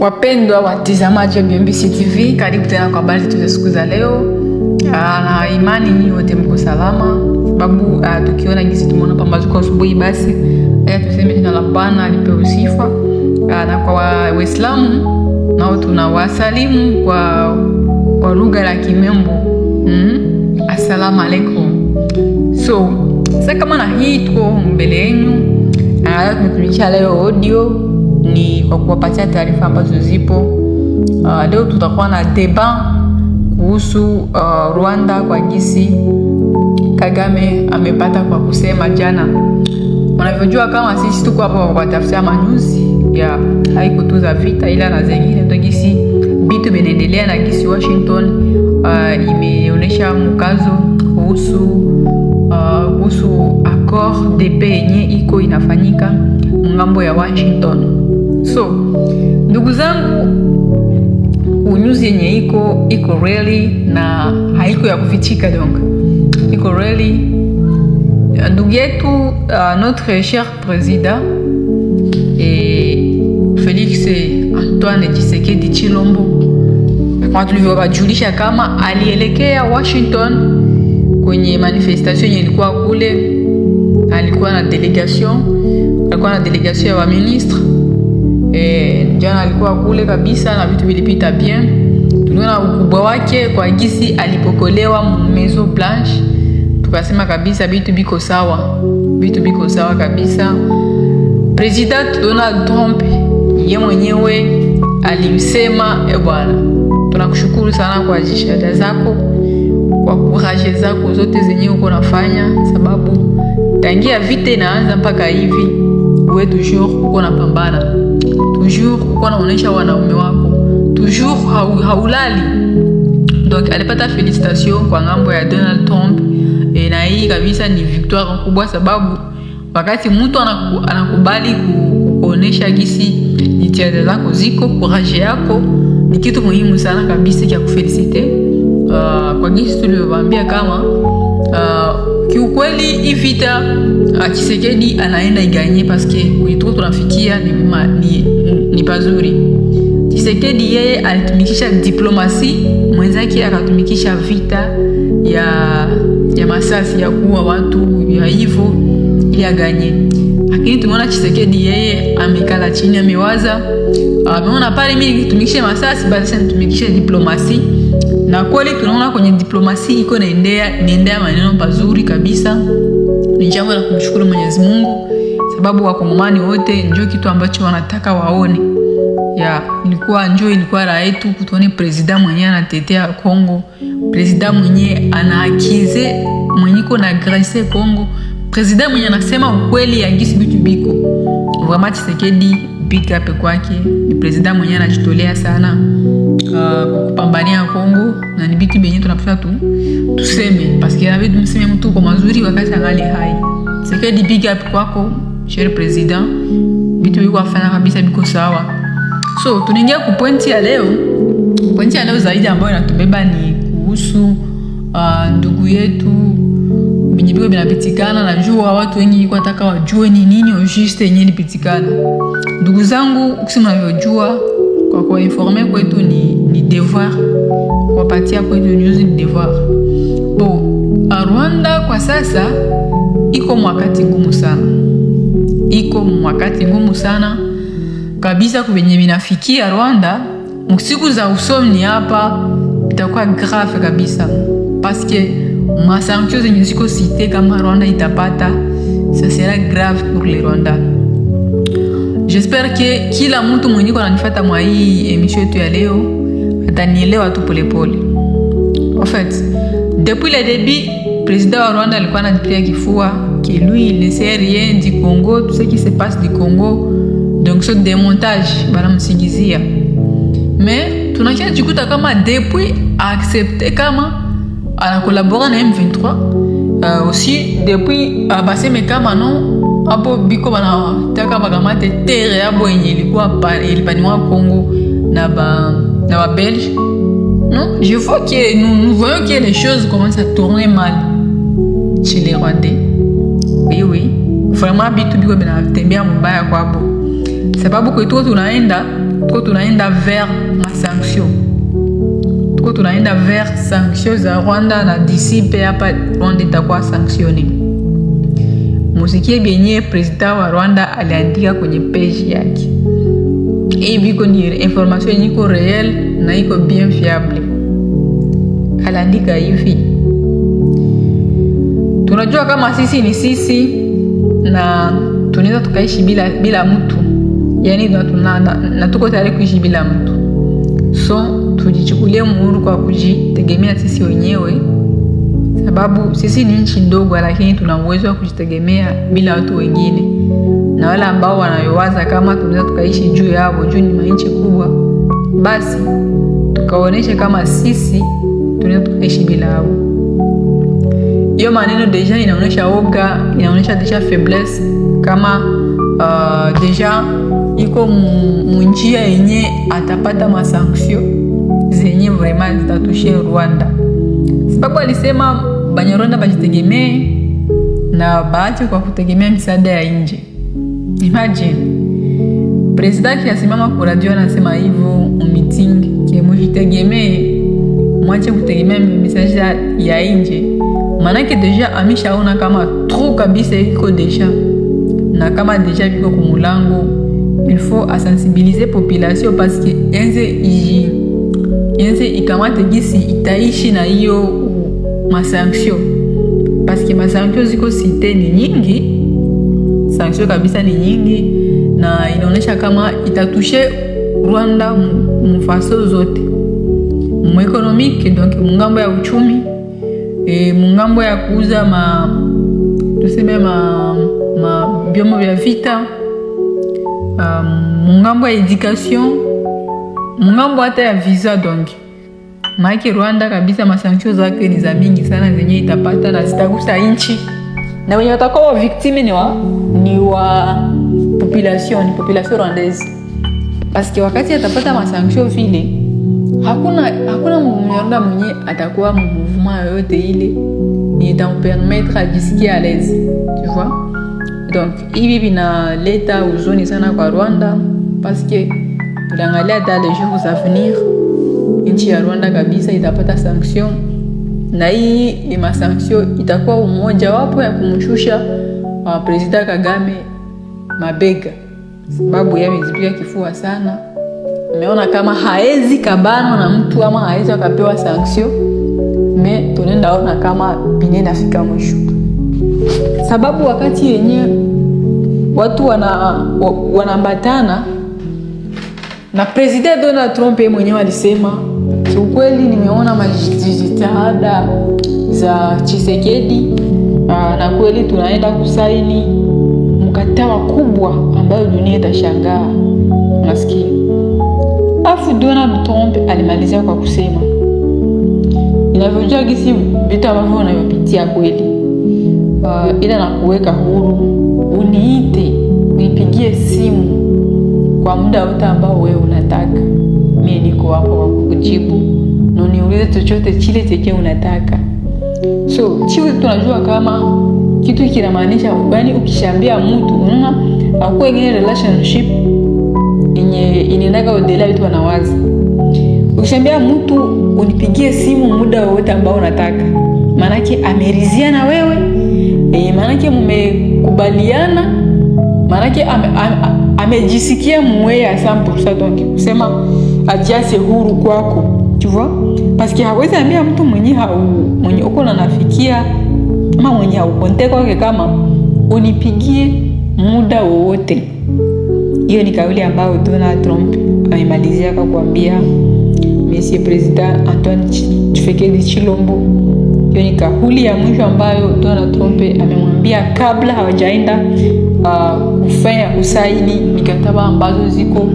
Wapendwa watizamaji wa BMBC TV, karibu tena kwa habari zetu za siku za leo, ah, na imani nyinyi wote mko salama, sababu uh, tukiona jinsi tumeona pambazuko asubuhi, basi haya tuseme jina la Bwana alipewe sifa. Uh, na kwa Waislamu nao tunawasalimu kwa, kwa lugha la Kimembo mm? Assalamu alaikum. So sasa kama na hii tuko mbele yenu, uh, tumetumisha leo audio ni kwa kuwapatia taarifa ambazo zipo. Uh, leo tutakuwa na deba kuhusu uh, Rwanda kwa gisi Kagame amepata kwa kusema jana. Unavyojua kama sisi tuko hapo kwa kutafutia manyuzi ya haikutuza vita, ila na zengine ndio gisi bitu binaendelea na gisi Washington uh, imeonyesha mkazo kuhusu uh, kuhusu accord de paix yenye iko inafanyika ngambo ya Washington. So ndugu zangu, unyuzi yenye iko iko reli na haiko ya kufichika, donc iko reli. Ndugu yetu uh, notre cher président e, Felix Antoine Tshisekedi Chilombo tulivyowajulisha kama alielekea Washington kwenye manifestation yenye ilikuwa kule, alikuwa na delegation, alikuwa na delegation ya wa ministre e, jana alikuwa kule kabisa na vitu vilipita bien. Tuliona ukubwa wake kwa gisi alipokolewa maison blanche, tukasema kabisa vitu biko sawa, vitu biko sawa kabisa. President Donald Trump ye mwenyewe alimsema, e eh, bwana, tunakushukuru sana kwa jishada zako kwa kuraje zako zote zenye uko nafanya, sababu tangia vita inaanza mpaka hivi we toujours uko napambana toujours ukuwa naonyesha wanaume wako toujours haulali. Donc alipata felicitation kwa ngambo ya Donald Trump e, na hii kabisa ni victoire kubwa, sababu wakati mtu anaku, anakubali kuonyesha gisi jitihada zako ziko courage yako ni kitu muhimu sana kabisa kya kufelicite. Uh, kwa gisi tulivyovambia kama uh, Kiukweli hii vita ah, Tshisekedi anaenda iganye, paske kuitwa tunafikia ah, ni, ni, ni pazuri. chisekedi yeye alitumikisha diplomasi, mwenzake akatumikisha vita ya, ya masasi ya kuwa watu ya hivyo ili aganye, lakini tumeona chisekedi yeye amekala chini, amewaza, ah, ameona pale, mi nitumikishe masasi, basi nitumikishe diplomasi na kweli tunaona kwenye diplomasia iko naendea inaendea maneno mazuri kabisa. Ni jambo la kumshukuru Mwenyezi Mungu, sababu wakongomani wote njoo kitu ambacho wanataka waone ya ilikuwa njoo ilikuwa raha yetu kutuone president mwenyewe anatetea Kongo, president mwenyewe anaakize mwenyiko na graise Kongo, president mwenye anasema ukweli ya gisi vitu biko. Vraiment Tshisekedi big kwake, ni president mwenyewe anajitolea sana uh, kupambania Kongo na ni vitu vyenye tunapaswa tu tuseme, paske inabidi tumseme mtu kwa mazuri wakati angali hai. Sekedi big up kwako cher president, vitu viko afanya kabisa biko sawa. So tunaingia ku pointi ya leo. Pointi ya leo zaidi ambayo inatubeba ni kuhusu uh, ndugu yetu vinyipiko vinapitikana. jua watu wengi wataka wajue ni nini ojuste yenye lipitikana. Ndugu zangu, kusema navyojua kwa kuwainforme kwetu ni ni devoir, kuwapatia kwetu ujuzi ni devoir. Bon, Rwanda kwa sasa iko mwakati ngumu sana, iko mwakati ngumu sana kabisa. Kuvenye minafikia Rwanda msiku za usomi hapa itakuwa grave kabisa, paske masanktio zenye ziko site kama Rwanda itapata sasera grave pour le Rwanda. J'espère ke kila mtu mwenye ananifuata mwa hii emisio yetu ya leo atanielewa tu polepole. En fait, depuis le début, président wa Rwanda alikuwa ananipiga kifua que lui il ne sait rien du Congo, tout ce qui se passe du Congo. Donc ce démontage banamsingizia. Mais tunakia jikuta kama depuis accepté kama anakolabora na M23 uh, aussi depuis abaseme kama non apo biko banataka bakamate tere yabo yenye ilikuwa ilipaniwa Congo na ba ça va belge. Non, je vois que nous, nous, voyons que les choses commencent à tourner mal chez les Rwandais. Oui, oui. Vraiment, bitu biko bena tembea mbaya kwa bo. Sababu kwetu tunaenda, tuko tunaenda vers masanction. Tuko tunaenda vers sanction à Rwanda na d'ici pe pas Rwanda quoi sanctionné. Musikie bienye président au Rwanda aliandika kwenye page yake. iko ni information iko real na iko bien fiable. Aliandika hivi, tunajua kama sisi ni sisi na tunaweza tukaishi bila, bila mtu yaani natuko na, tayari kuishi bila mtu, so tujichukulie muhuru kwa kujitegemea sisi wenyewe, sababu sisi ni nchi ndogo, lakini tuna uwezo wa kujitegemea bila watu wengine na wale ambao wanayowaza kama tunaweza tukaishi juu yao, juu ni manchi kubwa, basi tukaonyesha kama sisi tunaweza tukaishi bila yao. Hiyo maneno deja inaonyesha oga, inaonyesha deja faiblesse kama uh, deja iko munjia yenye atapata masanksio zenye vraiment zitatushie Rwanda, sababu alisema Banyarwanda bajitegemee na baache kwa kutegemea misaada ya nje. Imagine presidenti asimama kwa radio anasema hivyo mumiting, kemujitegemee, mwache kutegemea message ya inje, maanake deja ameshaona kama tru kabisa iko deja na kama deja viko kumulango, il faut asensibilize population paske enze iji enze ikamate gisi itaishi na hiyo masanction, paske masanction ziko siteni nyingi sanction kabisa ni nyingi, na inaonyesha kama itatushe Rwanda mufaso zote mu economique, donc mungambo ya uchumi e, mungambo ya kuuza ma tuseme ma, ma vyombo vya vita uh, um, mungambo ya education, mungambo hata ya visa donc maake Rwanda kabisa masanktio zake ni za mingi sana zenye itapata na zitagusa nchi na wenye watakuwa victime ni wa ni wa population, ni population rwandaise, que wakati atapata masanksio vile, hakuna hakuna mnyarwanda mwenye atakuwa mmouvement yoyote ile itampermettre ajisikie a l'aise, tu vois. Donc hivi vinaleta huzuni sana kwa Rwanda, parce tuliangalia hata les jours a venir nchi ya Rwanda kabisa itapata sanction na hii masanksio itakuwa umoja wapo ya kumshusha wa presida Kagame mabega, sababu yeye amejipiga kifua sana. Nimeona kama haezi kabanwa na mtu ama haezi akapewa sanction, me ona kama binye nafika mwisho, sababu wakati yenyewe watu wanaambatana wanambatana na president Donald Trump yeye mwenyewe alisema kiukweli, nimeona majitihada za Chisekedi Aa, ah, na kweli tunaenda kusaini mkataba kubwa ambayo dunia itashangaa maskini. Afu Donald Trump alimalizia kwa kusema inavyojua gisi vitu ambavyo unavyopitia kweli, uh, ila nakuweka huru, uniite, unipigie simu kwa muda wote ambao wewe unataka, mimi niko hapo kukujibu na uniulize chochote chile cheke unataka. So chiwi tunajua kama kitu kinamaanisha, yaani ukishambia mtu unaona mm, akuwa ingine relationship yenye inaendaga odelea vitu wanawazi. Ukishambia mtu unipigie simu muda wowote ambao unataka, maanake amerizia na wewe e, maanake mmekubaliana, maanake ame, ame, amejisikia mweye asampo kusema ajiase huru kwako tu vois hawezi ambia mtu mwenye hau mwenye uko nafikia ama mwenye haukonte kwake kama unipigie muda wowote. Hiyo ni kauli ambayo Donald Trump amemalizia kakuambia kuambia Monsieur President Antoine Tshisekedi Chilombo. Hiyo ni kauli ya mwisho ambayo Donald Trump amemwambia kabla hawajaenda uh, kufanya mikataba ambazo ziko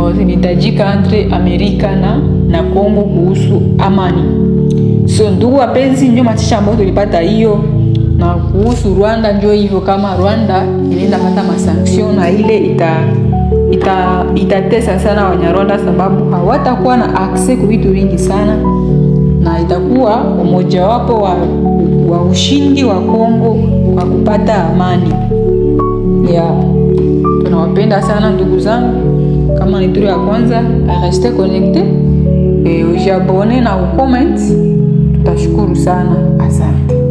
ambazo zinahitajika entre Amerika na, na Kongo kuhusu amani. So ndugu wapenzi, ndio matisha ambayo tulipata hiyo na kuhusu Rwanda ndio hivyo, kama Rwanda inaenda pata masanksio na ile ita ita itatesa sana Wanyarwanda sababu hawatakuwa na akse kwa vitu vingi sana, na itakuwa umojawapo wa, wa ushindi wa Kongo wa kupata amani ya yeah. Tunawapenda sana ndugu zangu. Kama ni tour ya kwanza, eh, reste connecte e, eh, ujabone na ucomment, tutashukuru sana. Asante.